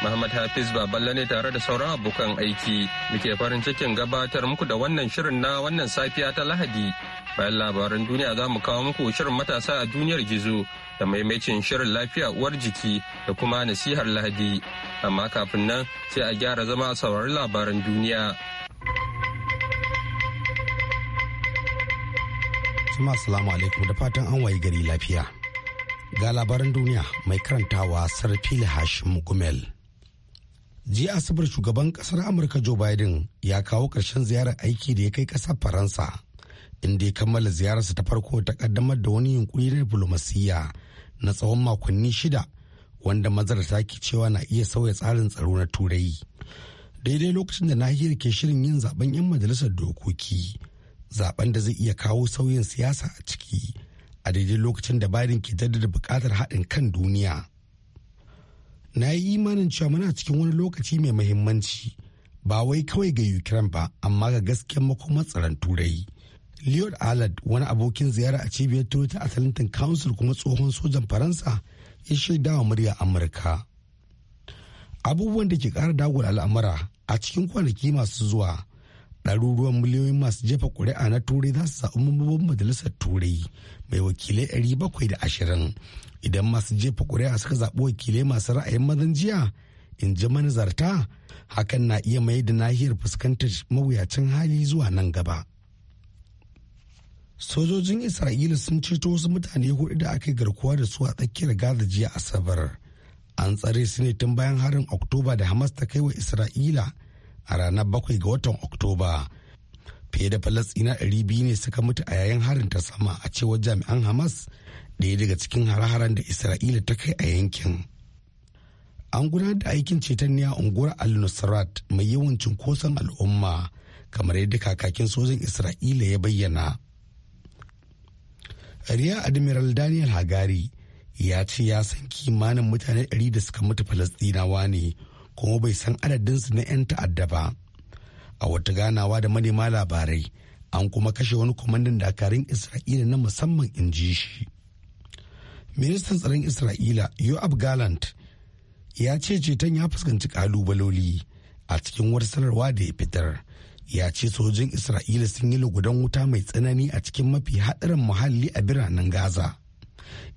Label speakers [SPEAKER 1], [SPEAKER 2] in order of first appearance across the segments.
[SPEAKER 1] Muhammad Hafiz Baballe ne tare da sauran abokan aiki muke farin cikin gabatar muku da wannan shirin na wannan safiya ta Lahadi. Bayan labaran duniya za mu kawo muku shirin matasa a duniyar gizo da maimacin shirin lafiya uwar jiki da kuma nasihar Lahadi. Amma kafin nan sai a gyara zama a saurari labaran duniya.
[SPEAKER 2] Assalamu alaikum da fatan an wayi gari lafiya. Ga labaran duniya mai karantawa Sarfil Hashim Gumel. jiya asabar shugaban kasar amurka joe biden ya kawo karshen ziyarar aiki da ya kai ƙasar faransa inda ya kammala ziyararsa ta farko ta kaddamar da wani yunkuri na diplomasiyya na tsawon makonni shida wanda ta ke cewa na iya sauya tsarin tsaro na turai daidai lokacin da nahiyar ke shirin yin zaben 'yan majalisar dokoki zaben da zai iya kawo sauyin siyasa a ciki a daidai lokacin da biden ke jaddada buƙatar haɗin kan duniya na yi imanin cewa muna cikin wani lokaci mai mahimmanci ba wai kawai ga ukraine ba amma ga gaskiyar makomar tsaron turai leon alad wani abokin ziyara a cibiyar turai ta atlantic council kuma tsohon sojan faransa ya shaida wa murya amurka abubuwan da ke kara dagula al'amura a cikin kwanaki masu zuwa ɗaruruwan miliyoyin masu jefa ƙuri'a na turai za su zaɓi mambobin majalisar turai mai wakilai ɗari bakwai da ashirin idan masu jefa ƙuri'a suka zaɓi wakilai masu ra'ayin mazan jiya in ji manazarta hakan na iya mai da nahiyar fuskantar mawuyacin hali zuwa nan gaba sojojin isra'ila sun ceto wasu mutane hudu da aka yi garkuwa da su a tsakiyar gaza jiya asabar an tsare su ne tun bayan harin oktoba da hamas ta kai wa isra'ila a ranar bakwai ga watan oktoba fiye da ɗari 200 ne suka mutu a yayin harin ta sama a cewar jami'an hamas ɗaya daga cikin hare-haren da isra'ila ta kai a yankin an gudanar da aikin ceton ne a unguwar al-nusrat mai yawan cunkoson al'umma kamar yadda kakakin sojan isra'ila ya bayyana riya admiral daniel hagari ya ce ya san kimanin mutane 100 da suka mutu falasɗinawa ne kuma bai san adadinsu na 'yan ta'adda ba a wata ganawa da manema labarai an kuma kashe wani kwamandan dakarun isra'ila na musamman in ji shi ministan tsaron isra'ila yoab gallant ya ce ceton ya fuskanci kalubaloli a cikin wata da ya fitar ya ce sojin isra'ila sun yi lugudan wuta mai tsanani a cikin mafi haɗarin muhalli a biranen gaza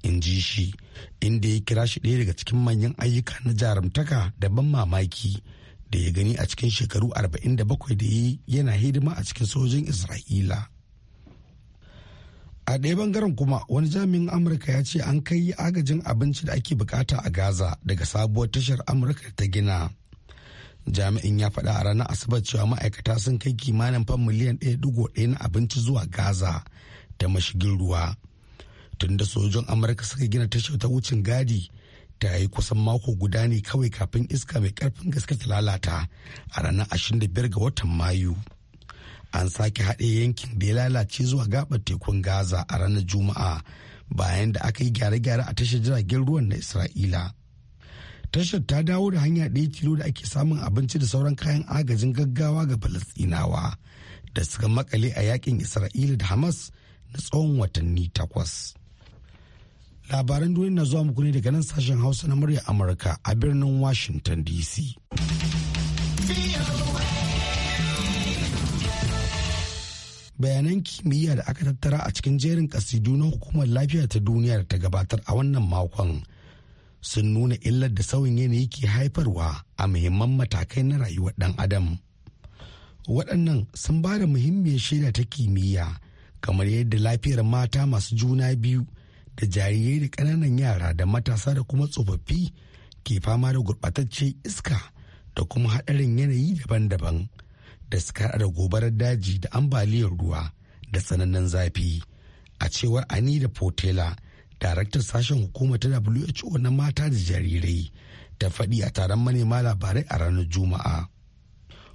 [SPEAKER 2] in ji shi inda ya kira shi ɗaya daga cikin manyan ayyuka na jarumtaka da ban mamaki da ya gani a cikin shekaru 47 da ya yi yana hidima a cikin sojin isra'ila a ɗaya bangaren kuma wani jami'in amurka ya ce an kai agajin abinci da ake bukata a gaza daga sabuwar tashar amurka ta gina jami'in ya faɗa a ranar asabar cewa ma'aikata sun kai kimanin fan miliyan 1.1 na abinci zuwa gaza da mashigin ruwa tunda sojojin amurka suka gina tashar ta wucin gadi ta yi kusan mako guda ne kawai kafin iska mai karfin gaske ta lalata a ranar 25 ga watan mayu an sake haɗe yankin da ya lalace zuwa gaɓar tekun gaza a ranar juma'a bayan da aka yi gyare-gyare a tashar jiragen ruwan na isra'ila tashar ta dawo da hanya ɗaya tilo da ake samun abinci da sauran kayan agajin gaggawa ga falastinawa da suka makale a yakin isra'ila da hamas na tsawon watanni takwas. labaran duniya na zuwa muku ne daga nan sashen hausa na murya amurka a birnin washington dc bayanan kimiyya da aka tattara a cikin jerin kasidu na hukumar lafiya ta duniya da ta gabatar a wannan makon sun nuna illar da sauyin yanayi ke haifarwa a muhimman matakai na rayuwar dan adam waɗannan sun ba da muhimmiyar shaida ta kimiyya kamar yadda lafiyar mata masu juna biyu da jarirai da ƙananan yara da matasa da kuma tsofaffi ke fama da gurɓataccen iska da kuma haɗarin yanayi daban-daban da suka da gobarar daji da ambaliyar ruwa da tsananin zafi a cewar Ani da potela daraktar sashen hukumar ta who na mata da jarirai ta faɗi a taron manema labarai a ranar juma'a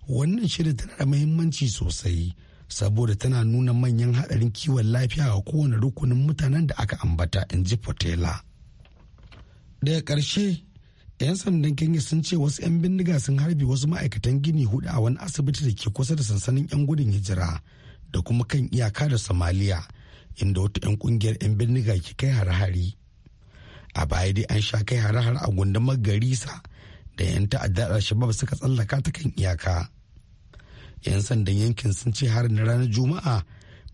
[SPEAKER 2] wannan shirin tana da muhimmanci sosai saboda tana nuna manyan haɗarin kiwon lafiya a kowane rukunin mutanen da aka ambata in ji Fotela. Daga ƙarshe, 'yan sandan Kenya sun ce wasu 'yan bindiga sun harbi wasu ma'aikatan gini hudu a wani asibiti da ke kusa da sansanin 'yan gudun hijira da kuma kan iyaka da Somalia, inda wata 'yan kungiyar 'yan bindiga ke kai hare-hare. A baya dai an sha kai hare-hare a gundumar Garisa, da 'yan ta'addar Shabab suka tsallaka ta kan iyaka. 'yan sandan yankin sun ce harin na ranar juma'a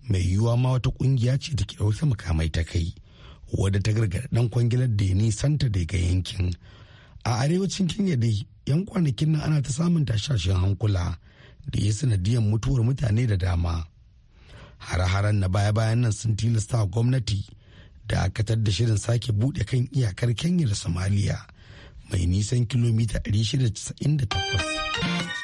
[SPEAKER 2] mai yiwuwa ma wata kungiya ce da ke ɗauke makamai ta kai wadda ta gargaɗa ɗan kwangilar da ya nisanta daga yankin a arewacin kenya dai 'yan kwanakin nan ana ta samun tashashen hankula da ya sanadiyar mutuwar mutane da dama hare-haren na baya-bayan nan sun tilasta gwamnati da aka da shirin sake buɗe kan iyakar kenya da somalia mai nisan kilomita 698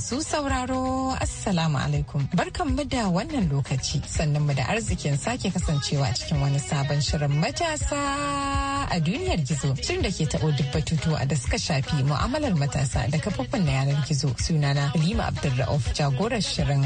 [SPEAKER 3] Masu sauraro Assalamu alaikum. Barkanmu da wannan lokaci sannan mu da arzikin sake kasancewa cikin wani sabon shirin matasa a duniyar gizo. Shirin da ke taɓo duk batutuwa da suka shafi mu'amalar matasa da kafofin na yanar gizo sunana Halima Abdulra'uf jagorar shirin.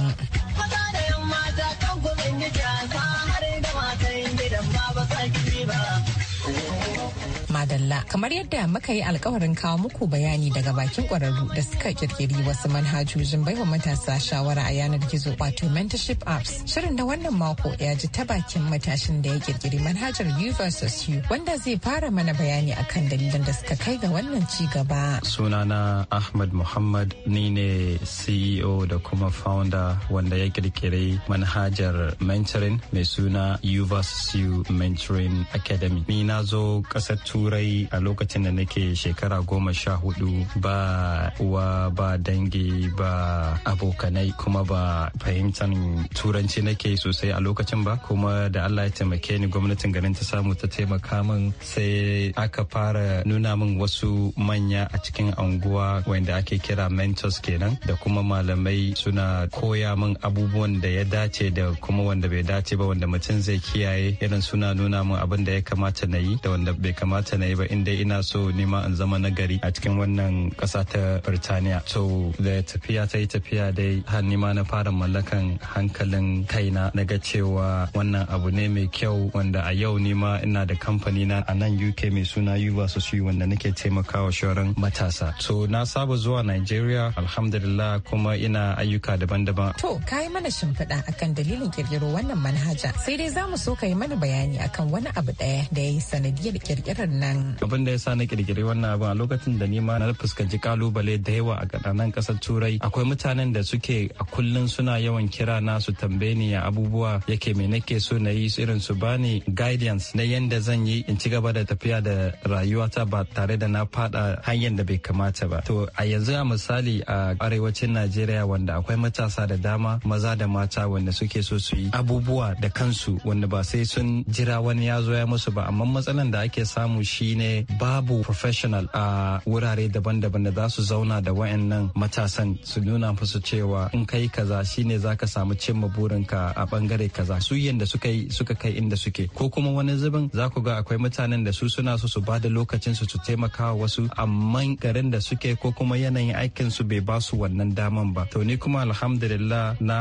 [SPEAKER 3] Allah kamar yadda muka yi alkawarin kawo muku bayani daga bakin kwararru da suka kirkiri wasu manhajojin baiwa matasa shawara a yanar gizo wato mentorship apps shirin da wannan mako ya ji ta bakin matashin da ya kirkiri manhajar you versus you wanda zai fara mana bayani akan dalilan da suka kai ga wannan ci gaba
[SPEAKER 4] sunana ahmad muhammad ni ne ceo da kuma founder wanda ya kirkiri manhajar mentoring mai suna you versus you mentoring academy ni na zo kasar turai a lokacin da nake shekara goma sha hudu ba uwa ba dangi ba abokanai kuma ba fahimtar turanci nake sosai a lokacin ba kuma da Allah ya taimake ni gwamnatin garin ta samu ta taimaka min sai aka fara nuna min wasu manya a cikin anguwa wanda ake kira mentors kenan da kuma malamai suna koya min abubuwan da ya dace da kuma wanda bai dace ba wanda mutum zai kiyaye irin suna nuna min abin da ya kamata na yi da wanda bai kamata na yi ba ba inda ina so nema in zama nagari a cikin wannan ƙasa ta Birtaniya. So da tafiya ta yi tafiya dai har nima na fara mallakan hankalin kaina na ga cewa wannan abu ne mai kyau wanda a yau nima ina da kamfani na a nan UK mai suna Yuva sosai wanda nake taimakawa shoran matasa. So na saba zuwa Nigeria alhamdulillah kuma ina ayyuka daban-daban. To
[SPEAKER 3] ka yi mana shimfiɗa akan dalilin ƙirƙiro wannan manhaja sai dai za mu so ka yi mana bayani akan wani abu ɗaya da ya yi sanadiyar ƙirƙirar nan.
[SPEAKER 4] abin da ya sa na kirkiri wannan abin a lokacin da nima na fuskanci kalubale da yawa a gadanan kasar turai akwai mutanen da suke a kullun suna yawan kira na su tambaye ni ya abubuwa yake me nake so na yi irin su bani guidance na yanda zan yi in ci gaba da tafiya da rayuwata ba tare da na fada hanyar da bai kamata ba to a yanzu a misali a arewacin najeriya wanda akwai matasa da dama maza da mata wanda suke so su yi abubuwa da kansu wanda ba sai sun jira wani ya zo ya musu ba amma matsalan da ake samu shine ne babu professional a wurare daban-daban da za su zauna da wayannan matasan su nuna musu cewa in kai kaza shine zaka samu cimma burinka a bangare kaza su yanda suka yi suka kai inda suke ko kuma wani zubin za ku ga akwai mutanen da su suna so su ba da lokacin su su taimaka wasu amma garin da suke ko kuma yanayin aikin su bai ba su wannan daman ba to ni kuma alhamdulillah na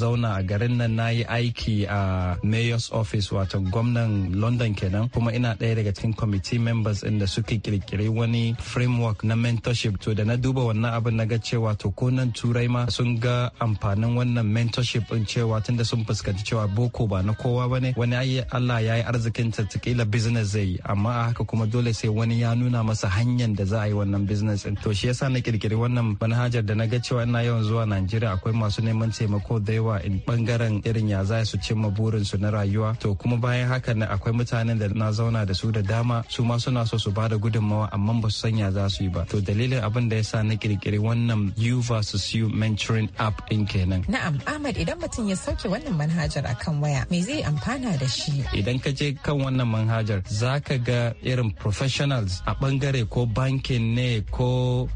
[SPEAKER 4] zauna a garin nan na yi aiki a mayor's office wato gwamnan london kenan kuma ina ɗaya daga cikin kwamiti members ɗin da suka kirkiri wani framework na mentorship to da na duba wannan abin na ga cewa to ko nan turai ma sun ga amfanin wannan mentorship ɗin cewa tunda sun fuskanci cewa boko ba na kowa bane wani Allah ya yi arzikin ta kila business zai yi amma a haka kuma dole sai wani ya nuna masa hanyar da za a yi wannan business ɗin to shi yasa na kirkiri wannan manhajar da na ga cewa ina yawan zuwa Najeriya akwai masu neman taimako da yawa in bangaren irin ya za su cimma burinsu na rayuwa to kuma bayan haka na akwai mutanen da na zauna da su da dama su ma suna so su ba da gudunmawa amma ba su sanya za su yi ba to dalilin abin da ya sa na kirkiri wannan you versus you mentoring app din kenan
[SPEAKER 3] na'am ahmad idan mutum ya sauke wannan manhajar akan waya me zai amfana da shi
[SPEAKER 4] idan ka je kan wannan manhajar zaka ga irin professionals a bangare ko bankin ne ko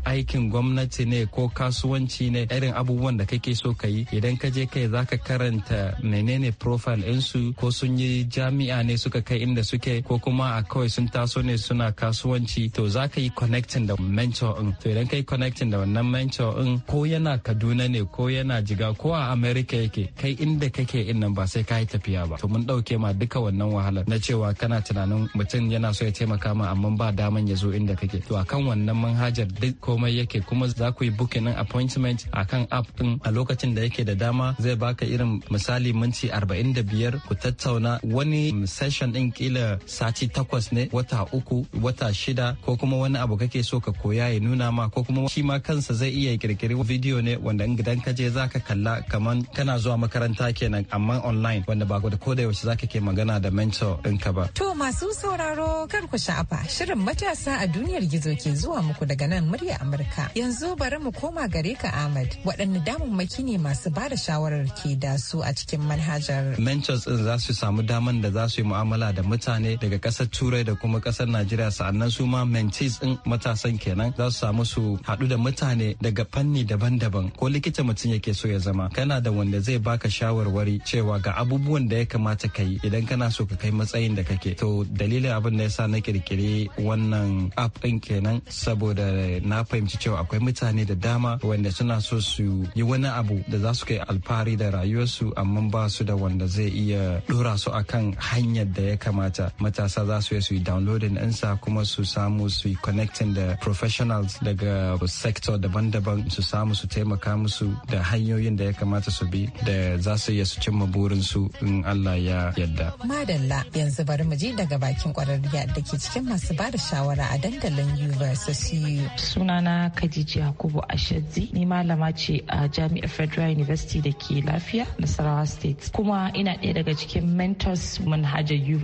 [SPEAKER 4] aikin gwamnati ne ko kasuwanci ne irin abubuwan da kake so ka yi idan ka je kai zaka karanta menene profile ɗinsu ko sun yi jami'a ne suka kai inda suke ko kuma a kawai sun taso ne suna kasuwanci to za ka yi connecting da mentor in to idan ka yi connecting da wannan mentor in ko yana kaduna ne ko yana jiga ko a america yake kai inda kake in nan ba sai ka yi tafiya ba to mun dauke ma duka wannan wahalar na cewa kana tunanin mutum yana so ya taimaka ma amma ba daman ya zo inda kake to akan wannan manhajar duk komai yake kuma za ku yi booking appointment akan app din a lokacin da yake da dama zai baka irin misali minti arba'in da biyar. ku tattauna wani session din kila sati takwas ne wata uku uku wata shida ko kuma wani abu kake so ka koya ya nuna ma ko kuma shi ma kansa zai iya kirkiri video ne wanda idan ka je za ka kalla kaman kana zuwa makaranta kenan amma online wanda ba da koda yaushe za ka ke magana da mentor ɗinka ba.
[SPEAKER 3] To masu sauraro kar ku sha'afa shirin matasa a duniyar gizo ke zuwa muku daga nan murya Amurka. Yanzu bari mu koma gare ka Ahmad waɗanne damammaki ne masu ba da shawarar ke da su a cikin manhajar.
[SPEAKER 4] Mentors ɗin za su samu daman da za su yi mu'amala da mutane daga ƙasar Turai da kuma ƙasar ƙasar Najeriya sa'annan su ma mentees din matasan kenan za su samu su haɗu da mutane daga fanni daban-daban ko likita mutum yake so ya zama kana da wanda zai baka shawarwari cewa ga abubuwan da ya kamata ka yi idan kana so ka kai matsayin da kake to dalilin abin da ya sa na kirkiri wannan app din kenan saboda na fahimci cewa akwai mutane da dama wanda suna so su yi wani abu da za su kai alfahari da rayuwarsu amma ba su da wanda zai iya dora su akan hanyar da ya kamata matasa za su yi su yi downloading ɗinsa kuma su samu su connecting da professionals daga sector daban-daban su samu su taimaka musu da hanyoyin da ya kamata su bi da za su iya su cimma burinsu in Allah ya yadda.
[SPEAKER 3] Madalla yanzu bari mu ji daga bakin kwararriya da ke cikin masu ba da shawara a dandalin U
[SPEAKER 5] Sunana Khadija Yakubu Ashadzi ni malama ce a Jami'ar Federal University da ke lafiya Nasarawa State kuma ina ɗaya daga cikin mentors manhajar U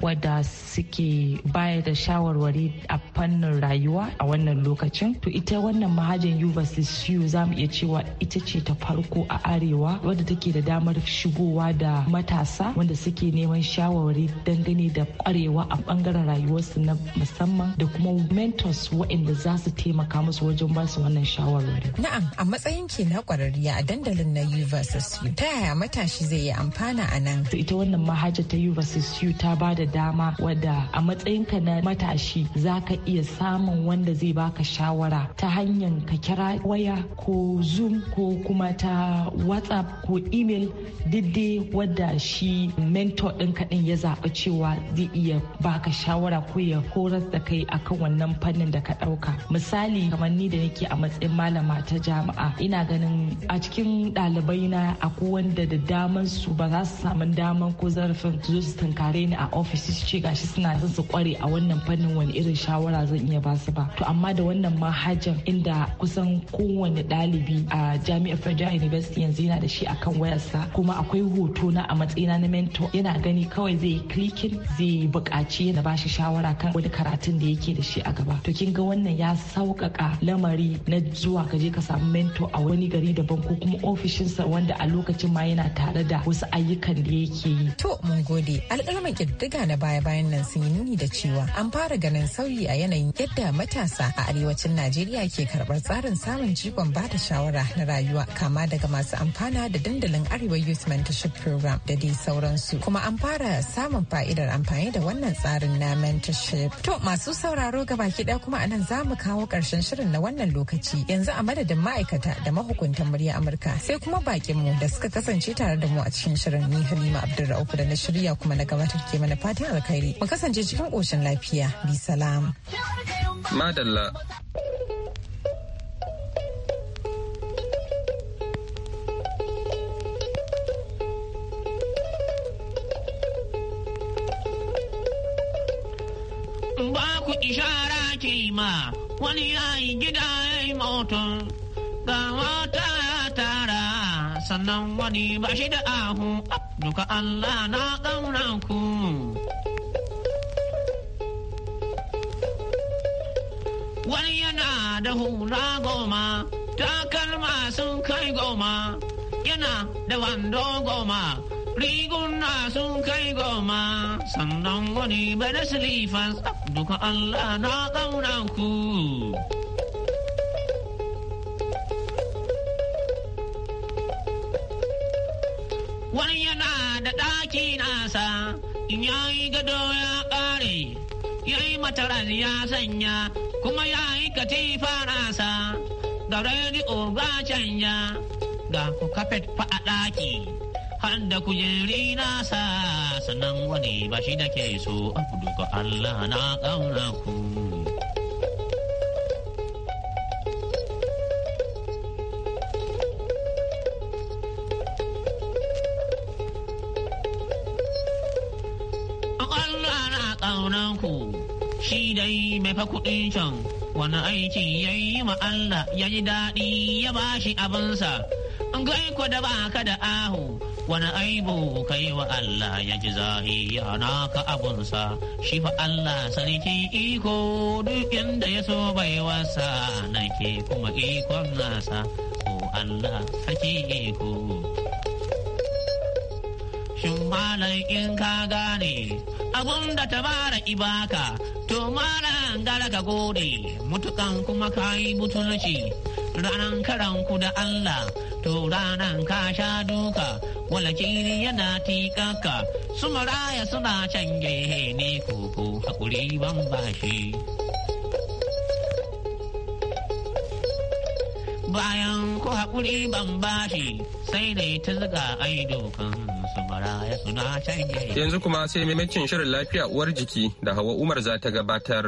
[SPEAKER 5] wadda suke baya da shawarwari a fannin rayuwa a wannan lokacin to ita wannan mahajin yuva u za mu iya cewa ita ce ta farko a arewa wadda take da damar shigowa da matasa wanda suke neman shawarwari dangane da kwarewa a bangaren rayuwarsu na musamman da kuma mentors waɗanda za su taimaka musu wajen ba su wannan shawarwari. Na'am a matsayin ke na kwararriya a dandalin na U versus U ta yaya matashi zai yi amfana a nan? Ita wannan mahajin ta U versus U ta ba da dama wadda a matsayin ka na matashi za ka iya samun wanda zai baka shawara ta hanyar ka kira waya ko zoom ko kuma ta whatsapp ko email diddai wadda shi mentor ɗin kaɗin ya zaɓi cewa zai iya baka shawara ko ya horar da kai akan wannan fannin da ka ɗauka misali kamar ni da nake a matsayin malama ta jami'a ina ganin a cikin ɗalibai na akwai wanda da daman su ba za su samu daman ko zarafin su zo su tunkare ni a ofis su ce gashi suna son su kware kware a wannan fannin wani irin shawara zan iya ba su ba to amma da wannan manhajan inda kusan kowane ɗalibi a jami'ar federal university yanzu yana da shi akan wayarsa kuma akwai hoto na a matsayina na mentor yana gani kawai zai yi clicking zai buƙaci yana ba shi shawara kan wani karatun da yake da shi a gaba to kin ga wannan ya sauƙaƙa lamari na zuwa ka je ka samu mentor a wani gari daban ko kuma ofishinsa wanda a lokacin ma yana tare da wasu ayyukan da yake yi to mun gode alƙalman ƙirƙiga na
[SPEAKER 3] baya-bayan nan sun yi nuni da cewa an fara ganin sauyi a yanayin yadda matasa a arewacin Najeriya ke karbar tsarin samun jigon ba da shawara na rayuwa kama daga masu amfana da dandalin Arewa Youth Mentorship Program da dai sauransu. Kuma an fara samun fa'idar amfani da wannan tsarin na mentorship. To masu sauraro ga baki ɗaya kuma anan za mu kawo ƙarshen shirin na wannan lokaci yanzu a madadin ma'aikata da mahukuntan murya Amurka sai kuma mu da suka kasance tare da mu a cikin shirin ni Halima Abdulra'uf da na shirya kuma na gabatar ke mana fatan alkhairi. Mu kasance cikin ƙoshin lafiya.
[SPEAKER 1] Madalla.
[SPEAKER 6] Ba ku ishara ke ma wani yayi gida ya yi motar ga mata ya tara sannan wani ba shi da ahu duka Allah na ƙauna ku. wani yana da hula goma takalma sun kai goma yana da wando goma riguna sun kai goma sannan wani bada silifas duka Allah na ƙauna ku. Wani yana da ɗaki nasa in yayi gado ya ƙare, yayi mataran ya sanya kuma ya yi katifa sa da rediyo ga ga ku kafet fa a ɗaki har da kujeri nasa sannan wani ba shi da ke so a kudu ga Allah na ƙauna ku. Allah na shi dai me fa kuɗin can wani aiki ya yi ma Allah ya ji daɗi ya ba shi abinsa gai ku da baka da ahu wani aibu ka yi wa Allah ya ji zahiya naka abunsa shi fa Allah sarki iko duk inda ya so bai wasa nake kuma ikon nasa ko Allah sarki iko shin malam in ka gane abun da ta bara ibaka To maran gara ka gode, mutukan kuma ka yi butulci, ranan karanku da Allah, to ranan ka sha duka, wala kiri yana tikaka, su maraya suna can gehe ne koko hakuri ban bashi. bayan ku haƙuri ban bashi sai dai ta zuga aido kan
[SPEAKER 1] su maraya suna canje. Yanzu kuma sai maimakin shirin lafiya uwar jiki da hawa Umar za ta gabatar.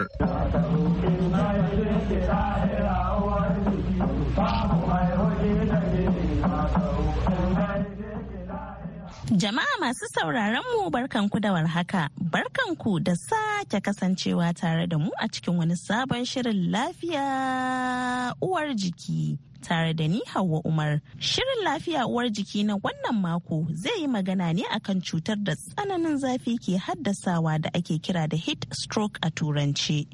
[SPEAKER 7] Jama'a masu sauraron mu barkanku da warhaka, barkanku da sake kasancewa tare da mu a cikin wani sabon shirin lafiya uwar jiki. tare da ni Hauwa Umar. Shirin lafiya uwar jiki na wannan mako zai yi magana ne akan cutar da tsananin zafi ke haddasawa da ake kira da heat stroke a turanci.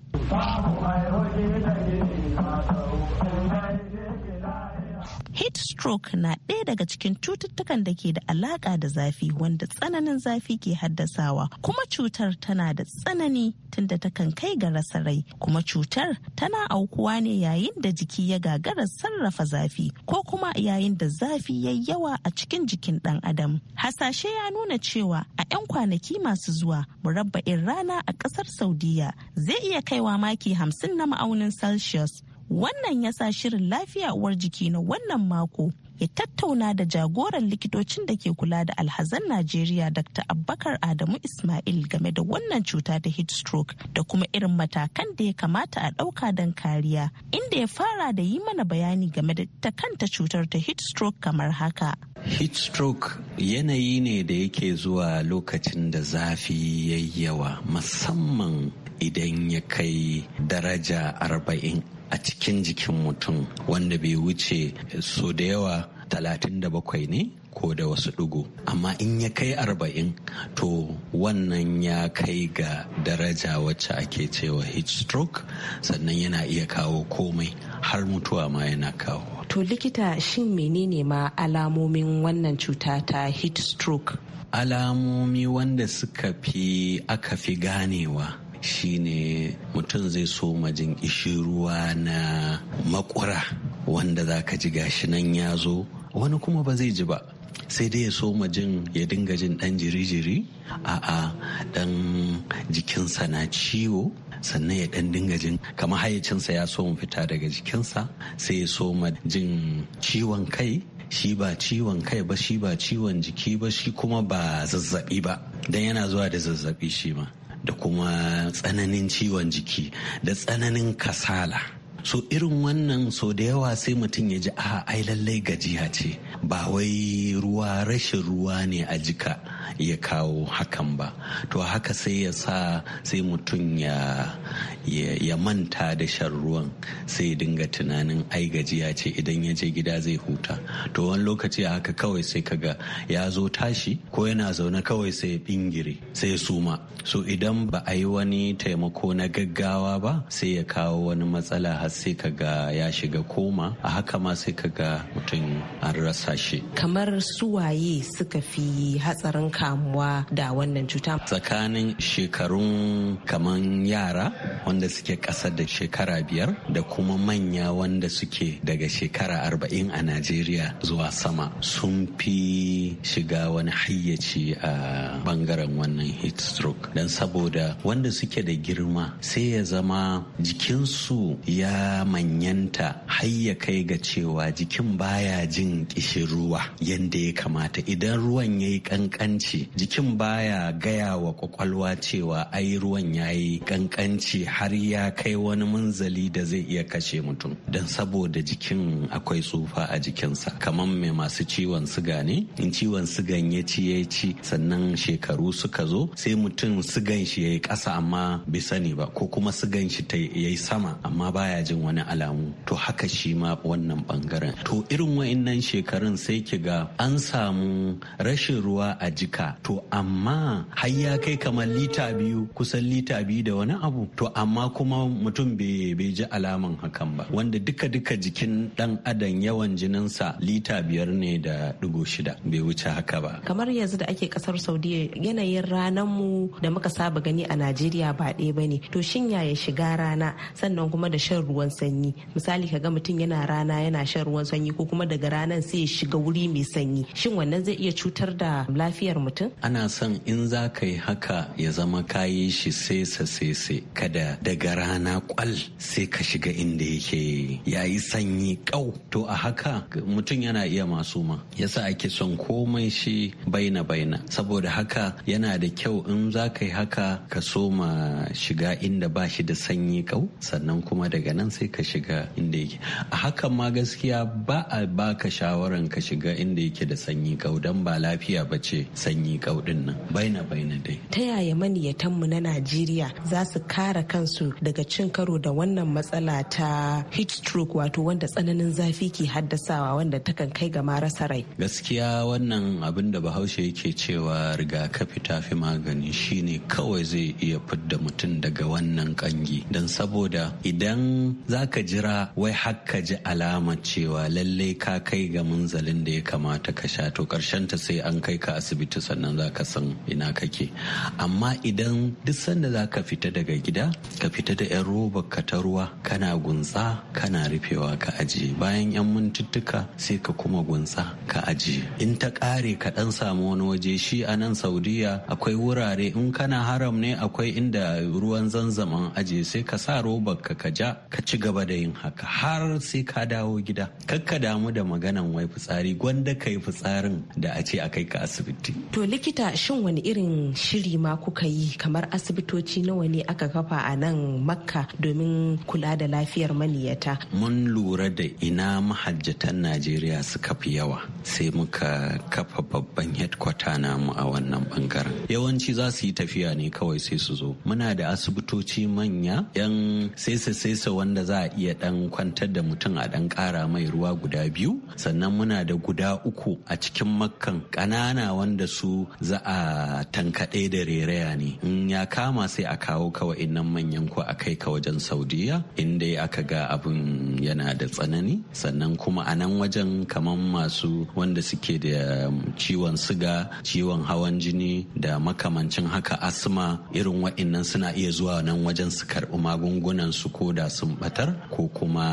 [SPEAKER 7] heat stroke na ɗaya daga cikin cututtukan da ke da alaƙa da zafi wanda tsananin zafi ke haddasawa kuma cutar tana da tsanani tunda takan kai ga rasa rai kuma cutar tana aukuwa ne yayin da jiki ya gagara sarrafa zafi ko kuma yayin da zafi ya yawa a cikin jikin ɗan adam hasashe ya nuna cewa a 'yan kwanaki masu zuwa murabba'in rana a ƙasar saudiya zai iya kaiwa maki hamsin na ma'aunin celsius Wannan ya sa shirin lafiya uwar jiki na wannan mako ya tattauna da jagoran likitocin da ke kula da alhazan Najeriya Dr. Abbakar Adamu Ismail game da wannan cuta ta heat stroke da kuma irin matakan da ya kamata a ɗauka don kariya, inda ya fara da yi mana bayani game da ta kanta cutar ta heat stroke kamar haka.
[SPEAKER 8] Heat stroke yanayi ne da yake zuwa lokacin da zafi yayyawa musamman idan ya kai daraja arba'in a cikin jikin mutum wanda bai wuce so da yawa talatin da bakwai ne ko da wasu ɗigo amma in ya kai arba'in to wannan ya kai ga daraja wacce ake cewa heat stroke sannan yana iya kawo komai har mutuwa ma yana kawo
[SPEAKER 7] to likita shin menene ma alamomin wannan cuta ta heat stroke
[SPEAKER 8] alamomi wanda suka fi aka fi ganewa shine mutum zai so majin ishiruwa ruwa na makura wanda za ka ji gashi nan ya zo wani kuma ba zai ji ba sai dai ya so majin ya dinga jin ɗan jiri-jiri a'a ɗan jikinsa na ciwo sannan ya dan dinga jin kamar hayyacinsa ya so fita daga jikinsa sai ya so majin jin ciwon kai shi ba ciwon kai ba shi ba ciwon jiki ba shi kuma ba zazzabi ba dan yana zuwa da zazzabi shi ma da kuma tsananin ciwon jiki da tsananin kasala so irin wannan so da yawa sai mutum ya ji a ai lallai gajiya ce ba wai ruwa rashin ruwa ne a jika ya kawo hakan ba to haka sai ya sa sai mutum ya ya manta da shan ruwan sai dinga tunanin ai gajiya ce idan ya je gida zai huta to wani lokaci a haka kawai sai kaga ya zo tashi ko yana zaune kawai sai ya bingire sai ya suma so idan ba a yi wani taimako na gaggawa ba sai ya kawo wani matsala har sai kaga ya shiga koma a haka ma sai kaga mutum an rasa shi
[SPEAKER 7] kamar suwaye suka fi hatsarin kamuwa da wannan cuta
[SPEAKER 8] tsakanin shekarun kaman yara wanda suke ƙasa da shekara biyar da kuma manya wanda suke daga shekara arba'in a najeriya zuwa sama sun fi shiga wani hayyaci a bangaren wannan heat stroke don saboda wanda suke da girma sai ya zama jikinsu ya manyanta har kai ga cewa jikin baya jin kishin ruwa yadda ya kamata idan ruwan ya yi kankanci jikin baya gaya wa kwakwalwa cewa ai ruwan ya yi kankanci har ya kai wani munzali da zai iya kashe mutum don saboda jikin akwai tsufa a jikinsa kamar mai masu ciwon siga ne in ciwon sigan ya ci ya ci sannan shekaru suka zo sai mutum sigan shi ya yi ƙasa amma bai sani ba ko kuma sigan shi ya yi sama amma baya jin wani alamu to haka shi ma wannan bangaren to irin wa'innan shekarun sai ki ga an samu rashin ruwa a jika to amma har ya kai kamar lita biyu kusan lita biyu da wani abu to amma amma kuma mutum bai ji alaman hakan ba wanda duka duka jikin dan adam yawan jininsa lita biyar ne da dugo shida bai wuce haka ba
[SPEAKER 7] kamar yanzu da ake kasar saudiya yanayin ranar mu da muka saba gani a najeriya ba ɗaya ba ne to shin ya shiga rana sannan kuma da shan ruwan sanyi misali kaga mutum yana rana yana shan ruwan sanyi ko kuma daga ranar sai ya shiga wuri mai sanyi shin wannan zai iya cutar da lafiyar mutum
[SPEAKER 8] ana son in za ka yi haka ya zama kayi shi sesa sese kada daga rana kwal sai ka shiga inda yake yayi sanyi kau to a haka mutum yana iya masu ma yasa ake son komai shi baina baina saboda haka yana da kyau in za ka yi haka ka soma shiga inda ba shi da sanyi kau sannan kuma daga nan sai ka shiga inda yake a hakan ma gaskiya ba a baka shawaran ka shiga inda yake da sanyi kau don ba lafiya ba ce sanyi kau din nan baina baina dai
[SPEAKER 7] ta yaya maniyatanmu na najeriya za su kare kan kansu daga cin karo da wannan matsala ta heat stroke wato wanda tsananin zafi ke haddasawa wanda takan kai ga marasa rai
[SPEAKER 8] gaskiya wannan abin da bahaushe yake cewa rigakafi fi magani shine kawai zai iya fidda mutum daga wannan kangi don saboda idan zaka jira wai hakka ji alama cewa lallai ka kai ga munzalin da ya kamata ka sha to ta sai an kai ka asibiti sannan zaka san ina kake amma idan duk sanda za ka fita daga gida ka fita da 'yan roba ka ta ruwa kana gunsa kana rufewa ka ajiye bayan 'yan mintuttuka sai ka kuma gunsa ka ajiye in ta kare ka ɗan samu wani waje shi a nan saudiya akwai wurare in kana haram ne akwai inda ruwan zanzaman ajiye sai ka sa robar ka ka ja ka ci gaba da yin haka har sai ka dawo gida kakka damu da maganan wai fitsari gwanda ka yi fitsarin da a ce a kai ka asibiti
[SPEAKER 7] to likita shin wani irin shiri ma kuka yi kamar asibitoci nawa ne aka kafa a nan nan makka domin kula da lafiyar maniyata
[SPEAKER 8] mun lura da ina mahajjatan najeriya suka fi yawa sai muka kafa babban headquarter namu a wannan bangaren yawanci za su yi tafiya ne kawai sai su zo muna da asibitoci manya yan sesa sesa wanda za a iya dan kwantar da mutum a dan kara mai ruwa guda biyu sannan muna da guda uku a cikin makkan ƙanana wanda su za a tankaɗe da reraya ne in ya kama sai a kawo kawai nan manya yanku a kai ka wajen saudiya inda aka ga abin yana da tsanani sannan kuma a nan wajen kamar masu wanda suke da um, ciwon siga ciwon hawan jini da makamancin haka asma irin wa'innan suna iya zuwa nan wajen su karɓi magungunan su ko da sun batar ko kuma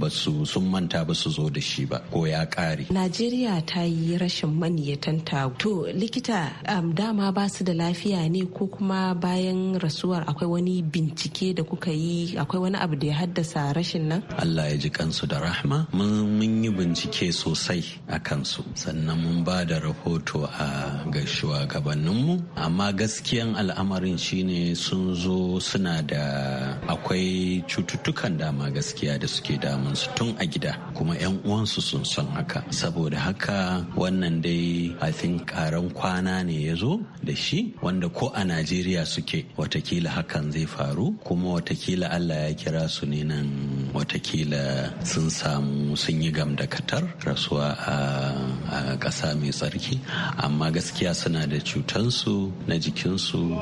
[SPEAKER 8] ba su sun manta ba su zo da shi ba ko ya ƙare.
[SPEAKER 7] najeriya ta yi rashin maniyatanta to likita um, dama ba su da lafiya ne ko kuma bayan rasuwar akwai wani bincike bincike da kuka yi akwai wani abu da ya haddasa rashin nan
[SPEAKER 8] Allah ya ji kansu da rahma mun yi bincike sosai a kansu sannan mun ba da rahoto a ga shugabanninmu amma gaskiyan al'amarin shine sun zo suna da akwai cututtukan dama gaskiya da suke damunsu tun a gida kuma 'yan uwansu sun san haka saboda haka wannan dai i think karan kwana ne ya zo da shi wanda ko a najeriya suke watakila hakan zai faru kuma watakila Allah ya kira su ne nan watakila sun samu sun yi gam da katar rasuwa a ƙasa mai tsarki amma gaskiya suna da cutansu na jikinsu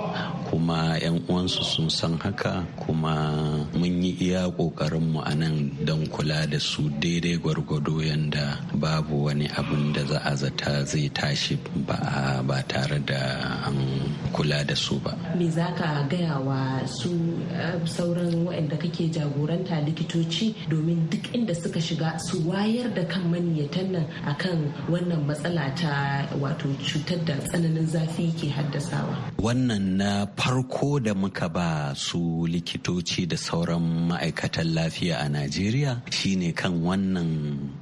[SPEAKER 8] kuma 'yan uwansu sun san haka kuma mun yi iya ƙoƙarinmu a nan don kula da su daidai gwargwado yadda babu wani abin da za a zata zai tashi ba tare da an kula da su ba.
[SPEAKER 7] Me za ka gaya wa su Eh, sauran waɗanda kake jagoranta likitoci domin duk inda suka shiga su wayar da kan maniyatan nan a kan wannan matsala ta wato cutar da tsananin zafi ke haddasawa.
[SPEAKER 8] Wannan na farko da muka ba su likitoci da sauran ma'aikatan lafiya a Najeriya shine kan wannan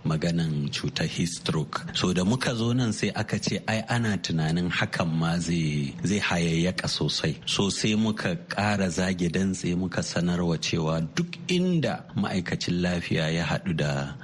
[SPEAKER 8] maganan cutar stroke. So da muka zo nan sai aka ce ai ana tunanin hakan ma zai hayayyaka sosai. So sai muka ƙara zage dan nan sai muka sanarwa cewa duk inda ma'aikacin lafiya ya haɗu da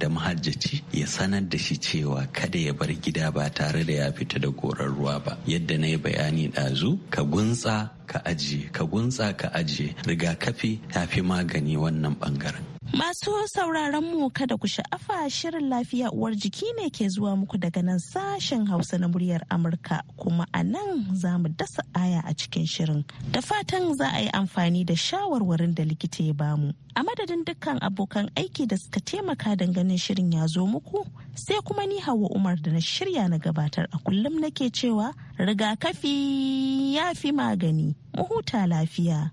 [SPEAKER 8] da mahajjaci ya sanar da shi cewa kada ya bar gida ba tare da ya fita da gorar ruwa ba yadda na yi bayani ɗazu ka gunsa ka ajiye ka gunsa ka ajiye rigakafi ya fi magani wannan ɓangaren.
[SPEAKER 7] Masu sauraron mu kada ku sha'afa shirin lafiya uwar jiki ne ke zuwa muku daga nan sashen Hausa na muryar Amurka kuma a nan za mu dasa aya a cikin shirin. Da fatan za a yi amfani da shawarwarin da likita ya bamu. A madadin dukkan abokan aiki da suka taimaka ganin shirin ya zo muku sai kuma ni Hawa Umar da na shirya na gabatar a kullum nake cewa rigakafi ya fi magani. Mu huta lafiya.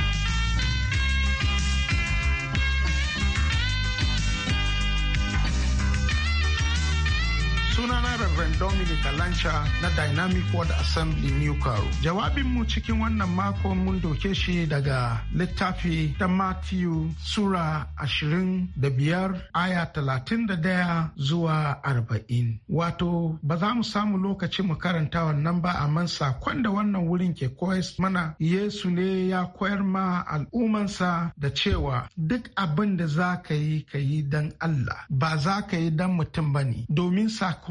[SPEAKER 9] sunana Reverend Dominic Alancha na Dynamic World Assembly New Caro. mu cikin wannan mako mun doke shi daga littafi ta Matthew Sura ashirin da biyar aya talatin da daya zuwa arba'in. Wato ba za mu samu lokaci mu karanta wannan ba a sakon da wannan wurin ke koyar mana Yesu ne ya koyar ma al'umansa da cewa duk abin da za ka yi ka yi don Allah ba za ka yi don mutum ba ne domin sakon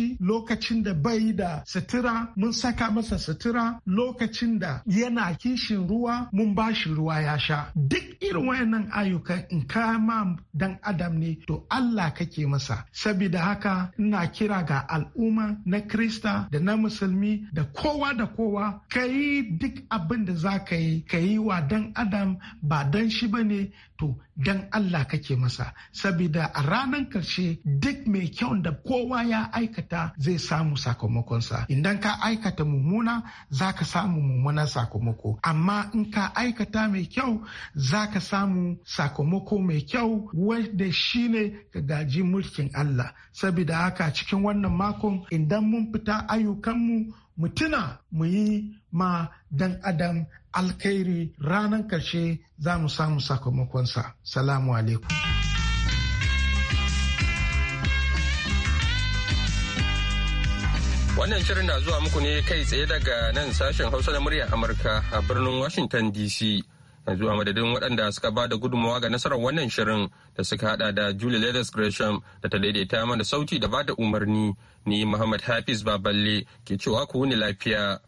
[SPEAKER 9] shi lokacin da bai da sutura mun saka masa sutura lokacin da yana kishin ruwa mun ba shi ruwa ya sha duk irin wayannan ayyuka in kama dan adam ne to Allah kake masa saboda haka ina kira ga al'umma na krista da na musulmi da kowa da kowa ka yi duk abin da za ka yi ka yi wa dan adam ba dan shi ba ne. to dan Allah kake masa saboda a ranar karshe duk mai kyau da kowa ya aikata zai samu sakamakonsa idan ka aikata mummuna za ka samu mummunan sakamako amma in ka aikata mai kyau za ka samu sakamako mai kyau wanda ne ka gaji mulkin Allah saboda haka cikin wannan makon idan mun fita ayyukanmu Mutuna tuna mu yi ma dan adam alkhairi ranar karshe za mu samu sakamakonsa salamu alaikum
[SPEAKER 1] wannan shirin na zuwa muku ne kai tsaye daga nan sashen hausa na murya amurka a birnin washington dc yanzu a madadin waɗanda suka ba da gudunmawa ga nasarar wannan shirin da suka hada da julie ladis gresham da ta daidaita mana sauti da ba da umarni ni muhammad hafiz baballe ke cewa ku wuni lafiya